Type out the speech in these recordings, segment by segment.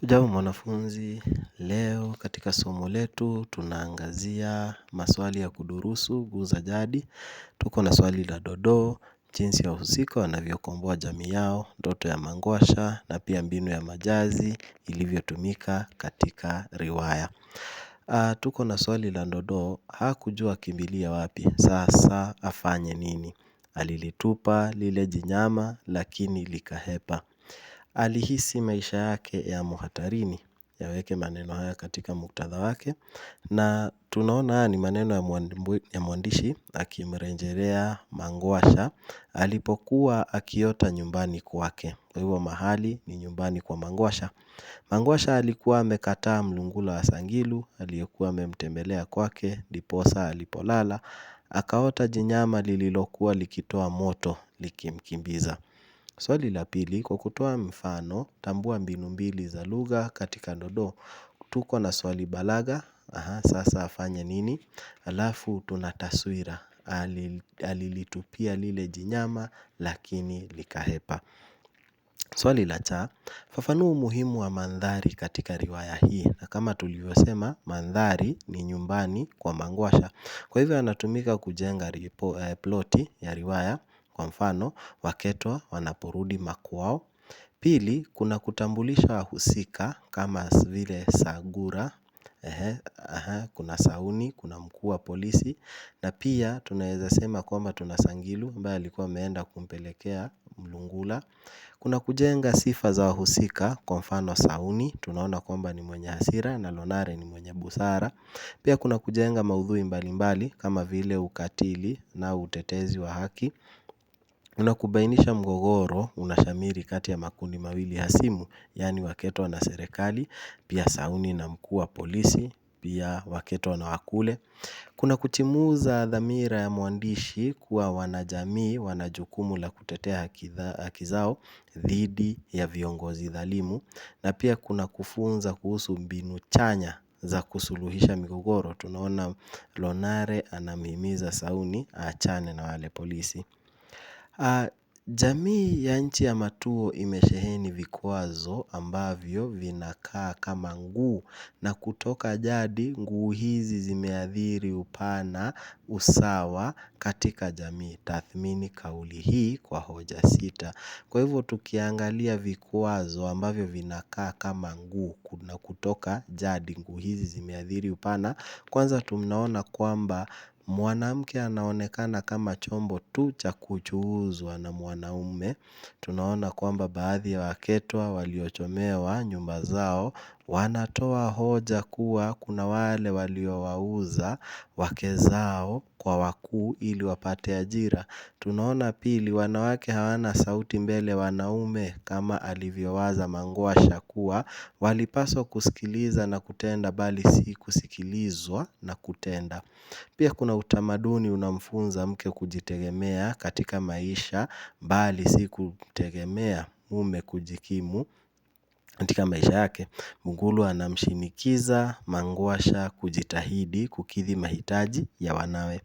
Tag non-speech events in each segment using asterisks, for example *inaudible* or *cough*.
Hujambo mwanafunzi, leo katika somo letu tunaangazia maswali ya kudurusu guza jadi. Tuko na swali la dodoo, jinsi wahusika wanavyokomboa jamii yao, ndoto ya mangwasha na pia mbinu ya majazi ilivyotumika katika riwaya. Tuko na swali la dodoo, hakujua akimbilie wapi, sasa afanye nini. Alilitupa lile jinyama lakini likahepa alihisi maisha yake yamo hatarini. Yaweke maneno haya katika muktadha wake na tunaona haya ni maneno ya mwandishi akimrejelea Mangwasha alipokuwa akiota nyumbani kwake. Kwa hivyo mahali ni nyumbani kwa Mangwasha. Mangwasha alikuwa amekataa mlungula wa Sangilu aliyekuwa amemtembelea kwake ndiposa alipolala akaota jinyama lililokuwa likitoa moto likimkimbiza. Swali la pili kwa kutoa mfano tambua mbinu mbili za lugha katika dondoo. Tuko na swali balagha, sasa afanye nini? Alafu tuna taswira, alilitupia lile jinyama lakini likahepa. Swali la cha, fafanua umuhimu wa mandhari katika riwaya hii. Na kama tulivyosema, mandhari ni nyumbani kwa Mangwasha. Kwa hivyo anatumika kujenga eh, ploti ya riwaya kwa mfano waketwa wanaporudi makwao. Pili, kuna kutambulisha wahusika kama vile sungura, kuna Sauni, kuna mkuu wa polisi. Na pia tunaweza sema kwamba tuna Sangilu ambaye alikuwa ameenda kumpelekea Mlungula. Kuna kujenga sifa za wahusika kwa mfano Sauni, tunaona kwamba ni mwenye hasira na Lonare ni mwenye busara. Pia kuna kujenga maudhui mbalimbali kama vile ukatili na utetezi wa haki na kubainisha mgogoro unashamiri kati ya makundi mawili hasimu yaani waketwa na serikali pia sauni na mkuu wa polisi pia waketwa na wakule. Kuna kutimuza dhamira ya mwandishi kuwa wanajamii wana jukumu la kutetea haki zao dhidi ya viongozi dhalimu na pia kuna kufunza kuhusu mbinu chanya za kusuluhisha migogoro tunaona Lonare anamhimiza Sauni aachane na wale polisi. Ah, jamii ya nchi ya matuo imesheheni vikwazo ambavyo vinakaa kama nguu na kutoka jadi nguu hizi zimeathiri upana usawa katika jamii tathmini kauli hii kwa hoja sita. Kwa hivyo tukiangalia vikwazo ambavyo vinakaa kama nguu na kutoka jadi nguu hizi zimeathiri upana. Kwanza tunaona kwamba Mwanamke anaonekana kama chombo tu cha kuchuuzwa na mwanaume. Tunaona kwamba baadhi ya waketwa waliochomewa nyumba zao wanatoa hoja kuwa kuna wale waliowauza wake zao kwa wakuu ili wapate ajira. Tunaona pili wanawake hawana sauti mbele wanaume kama alivyowaza Mangwasha kuwa walipaswa kusikiliza na kutenda bali si kusikilizwa na kutenda. Pia kuna utamaduni unamfunza mke kujitegemea katika maisha bali si kutegemea mume kujikimu katika maisha yake, Mungulu anamshinikiza Mangwasha kujitahidi kukidhi mahitaji ya wanawe.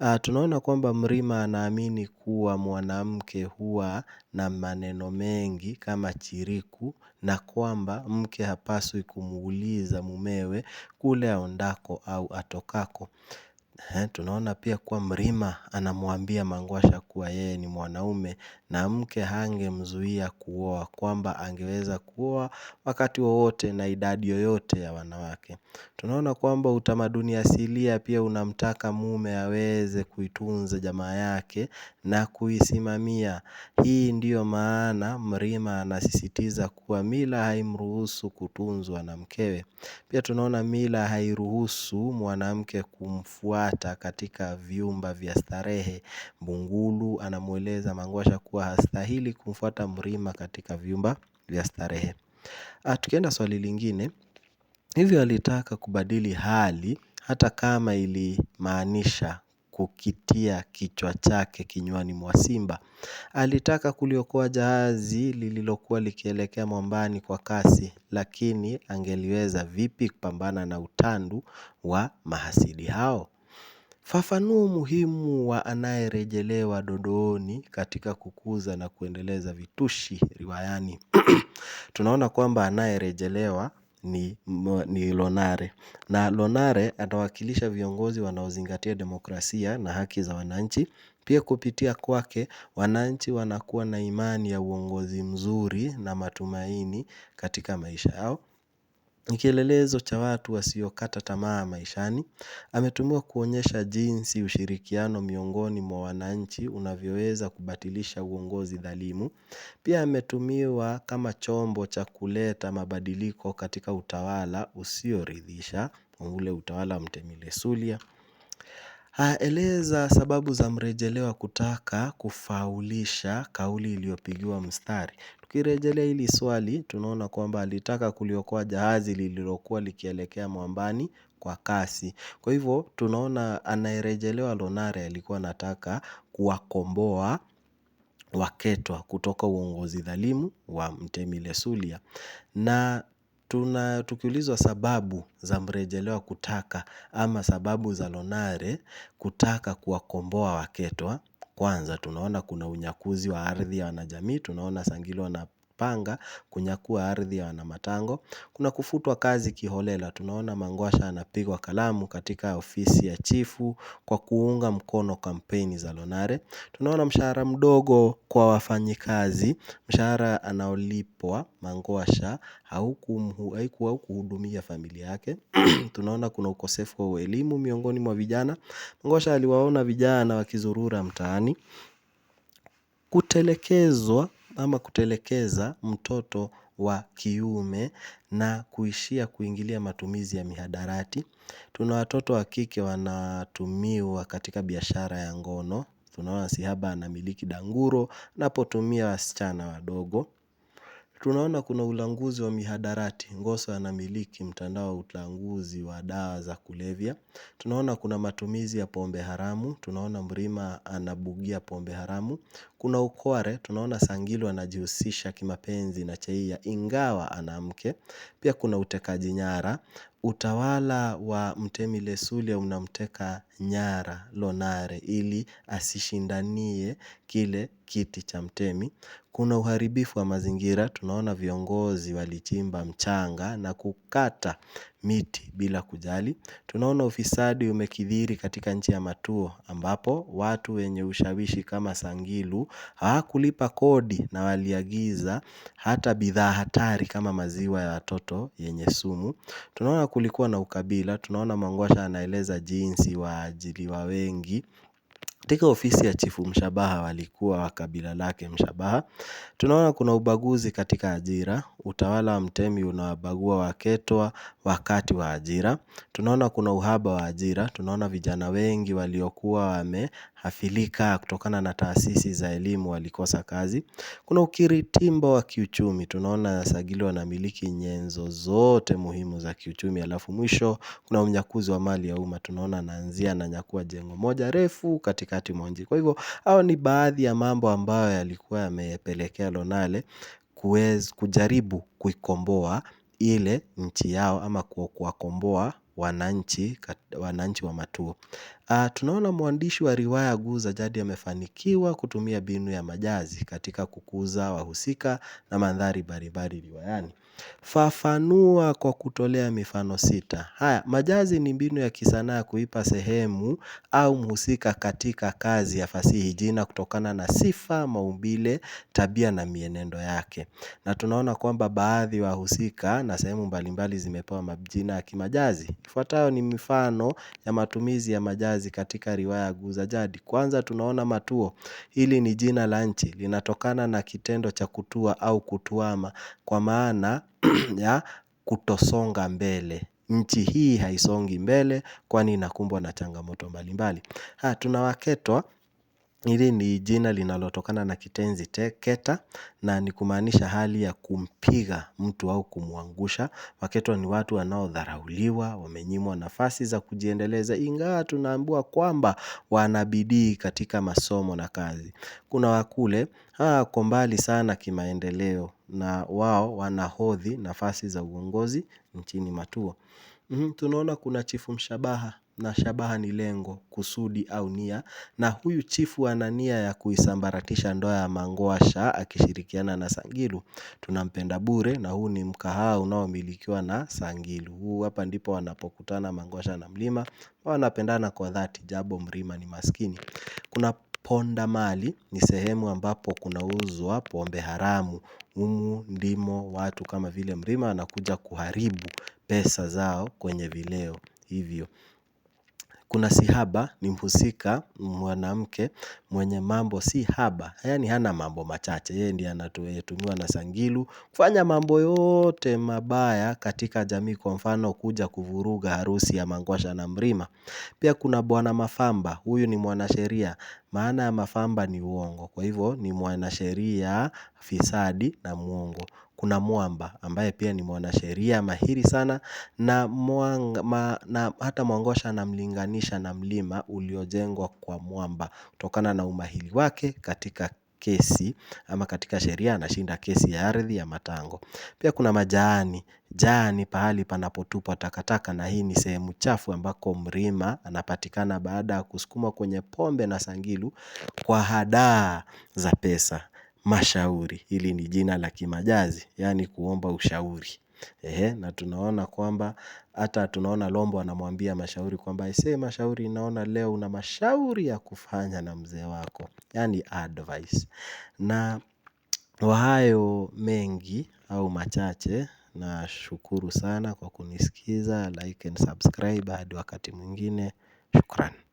Ah, tunaona kwamba Mrima anaamini kuwa mwanamke huwa na maneno mengi kama chiriku na kwamba mke hapaswi kumuuliza mumewe kule aondako au atokako. Tunaona pia kuwa mrima anamuambia Mangwasha kuwa yeye ni mwanaume na mke hangemzuia kuoa kwamba angeweza kuoa wakati wowote na idadi yoyote ya wanawake. Tunaona kwamba utamaduni asilia pia unamtaka mume aweze kuitunza jamaa yake na kuisimamia. Hii ndiyo maana mrima anasisitiza kuwa mila haimruhusu kutunzwa na mkewe. Pia tunaona mila hairuhusu mwanamke kumfuata kupata katika vyumba vya starehe. Mbungulu anamweleza Mangwasha kuwa hastahili kumfuata Mrima katika vyumba vya starehe. Ah, tukienda swali lingine, hivyo alitaka kubadili hali hata kama ilimaanisha kukitia kichwa chake kinywani mwa simba. Alitaka kuliokoa jahazi lililokuwa likielekea mwambani kwa kasi lakini angeliweza vipi kupambana na utandu wa mahasidi hao? Fafanua umuhimu wa anayerejelewa dodooni katika kukuza na kuendeleza vitushi riwayani. *clears throat* Tunaona kwamba anayerejelewa ni Lonare. Na Lonare atawakilisha viongozi wanaozingatia demokrasia na haki za wananchi. Pia kupitia kwake wananchi wanakuwa na imani ya uongozi mzuri na matumaini katika maisha yao ni kielelezo cha watu wasiokata tamaa maishani, ametumiwa kuonyesha jinsi ushirikiano miongoni mwa wananchi unavyoweza kubatilisha uongozi dhalimu. Pia ametumiwa kama chombo cha kuleta mabadiliko katika utawala usioridhisha, ule utawala wa mtemilsulia. aeleza sababu za mrejeleo wa kutaka kufaulisha kauli iliyopigiwa mstari. Tukirejelea hili swali, tunaona kwamba alitaka kuliokoa jahazi lililokuwa likielekea mwambani kwa kasi. Kwa hivyo, tunaona anayerejelewa Lonare alikuwa anataka kuwakomboa waketwa kutoka uongozi dhalimu wa Mtemi Lesulia. Na tukiulizwa sababu za mrejelewa kutaka ama sababu za Lonare kutaka kuwakomboa waketwa. Kwanza tunaona kuna unyakuzi wa ardhi ya wanajamii, tunaona Sangilo panga kunyakua ardhi ya wanamatango. Kuna kufutwa kazi kiholela, tunaona Mangwasha anapigwa kalamu katika ofisi ya chifu kwa kuunga mkono kampeni za Lonare. Tunaona mshahara mdogo kwa wafanyikazi, mshahara anaolipwa Mangwasha haukuhudumia familia yake. *clears throat* Tunaona kuna ukosefu wa elimu miongoni mwa vijana. Mangwasha aliwaona vijana wakizurura mtaani. Kutelekezwa ama kutelekeza mtoto wa kiume na kuishia kuingilia matumizi ya mihadarati. Tuna watoto wa kike wanatumiwa katika biashara ya ngono. Tunaona sihaba anamiliki danguro anapotumia wasichana wadogo. Tunaona kuna ulanguzi wa mihadarati, ngoso anamiliki mtandao wa ulanguzi wa dawa za kulevya. Tunaona kuna matumizi ya pombe haramu, tunaona mrima anabugia pombe haramu. Kuna ukware, tunaona Sangilu anajihusisha kimapenzi na Cheia ingawa ana mke. Pia kuna utekaji nyara, utawala wa Mtemi Lesulia unamteka nyara Lonare ili asishindanie kile kiti cha Mtemi. Kuna uharibifu wa mazingira tunaona viongozi walichimba mchanga na kukata miti bila kujali. Tunaona ufisadi umekithiri katika nchi ya Matuo ambapo watu wenye ushawishi kama Sangilu hawakulipa kodi na waliagiza hata bidhaa hatari kama maziwa ya watoto yenye sumu. Tunaona kulikuwa na ukabila, tunaona Mangwasha anaeleza jinsi waajiriwa wengi katika ofisi ya chifu mshabaha walikuwa wa kabila lake mshabaha Tunaona kuna ubaguzi katika ajira Utawala wa mtemi unawabagua waketwa wakati wa ajira Tunaona kuna uhaba wa ajira Tunaona vijana wengi waliokuwa wame athirika kutokana na taasisi za elimu walikosa kazi. Kuna ukiritimba wa kiuchumi, tunaona wasagili wanamiliki nyenzo zote muhimu za kiuchumi alafu mwisho kuna unyakuzi wa mali ya umma, tunaona anaanzia ananyakua jengo moja refu katikati mwa mji. Kwa hivyo hao ni baadhi ya mambo ambayo yalikuwa yamepelekea Lonale kujaribu kuikomboa ile nchi yao ama kuwakomboa wananchi wa Matuo. Ah, tunaona mwandishi wa riwaya guu za Jadi amefanikiwa kutumia mbinu ya majazi katika kukuza wahusika na mandhari mbalimbali riwayani. Fafanua kwa kutolea mifano sita. Haya, majazi ni mbinu ya kisanaa kuipa sehemu au mhusika katika kazi ya fasihi jina kutokana na sifa, maumbile, tabia na mienendo yake. Na tunaona kwamba baadhi husika na sehemu mbalimbali zimepewa majina ya kimajazi. Ifuatayo ni mifano ya matumizi ya majazi katika riwaya Guza Jadi. Kwanza tunaona Matuo, hili ni jina la nchi, linatokana na kitendo cha kutua au kutuama kwa maana *clears throat* ya kutosonga mbele nchi hii haisongi mbele kwani inakumbwa na changamoto mbalimbali Tunawaketwa hili ni jina linalotokana na kitenzi keta na ni kumaanisha hali ya kumpiga mtu au kumwangusha Waketwa ni watu wanaodharauliwa, wamenyimwa nafasi za kujiendeleza ingawa tunaambiwa kwamba wana bidii katika masomo na kazi Kuna wakule, kwa mbali sana kimaendeleo na wao wanahodhi nafasi za uongozi nchini Matua. Mhm, tunaona kuna chifu mshabaha na shabaha ni lengo, kusudi au nia na huyu chifu ana nia ya kuisambaratisha ndoa ya Mangwasha akishirikiana na Sangilu. Tunampenda bure na huu ni mkahawa unaomilikiwa na Sangilu. Huu hapa ndipo wanapokutana Mangwasha na Mlima. Wanapendana kwa dhati japo Mlima ni maskini. Kuna Ponda mali ni sehemu ambapo kunauzwa pombe haramu. Humu ndimo watu kama vile mrima anakuja kuharibu pesa zao kwenye vileo hivyo. Kuna si haba ni mhusika mwanamke mwenye mambo si haba yaani hana mambo machache yeye ndiye anatumiwa na Sangilu kufanya mambo yote mabaya katika jamii kwa mfano kuja kuvuruga harusi ya Mangwasha na Mrima Pia kuna bwana Mafamba huyu ni mwanasheria maana ya Mafamba ni uongo Kwa hivyo ni mwanasheria, fisadi na muongo kuna mwamba ambaye pia ni mwanasheria mahiri sana na hata Mwangosha anamlinganisha na mlima uliojengwa kwa mwamba kutokana na umahiri wake katika kesi ama katika sheria anashinda kesi ya ardhi ya Matango Pia kuna majaani, jaani pahali panapotupwa takataka na hii ni sehemu chafu ambako Mrima anapatikana baada ya kusukumwa kwenye pombe na Sangilu kwa hadaa za pesa mashauri hili ni jina la kimajazi yaani kuomba ushauri na tunaona kwamba hata tunaona Lombo anamwambia Mashauri kwamba aisee Mashauri naona leo una mashauri ya kufanya na mzee wako yaani advice na kwa hayo mengi au machache nashukuru sana kwa kunisikiza like and subscribe hadi wakati mwingine shukran.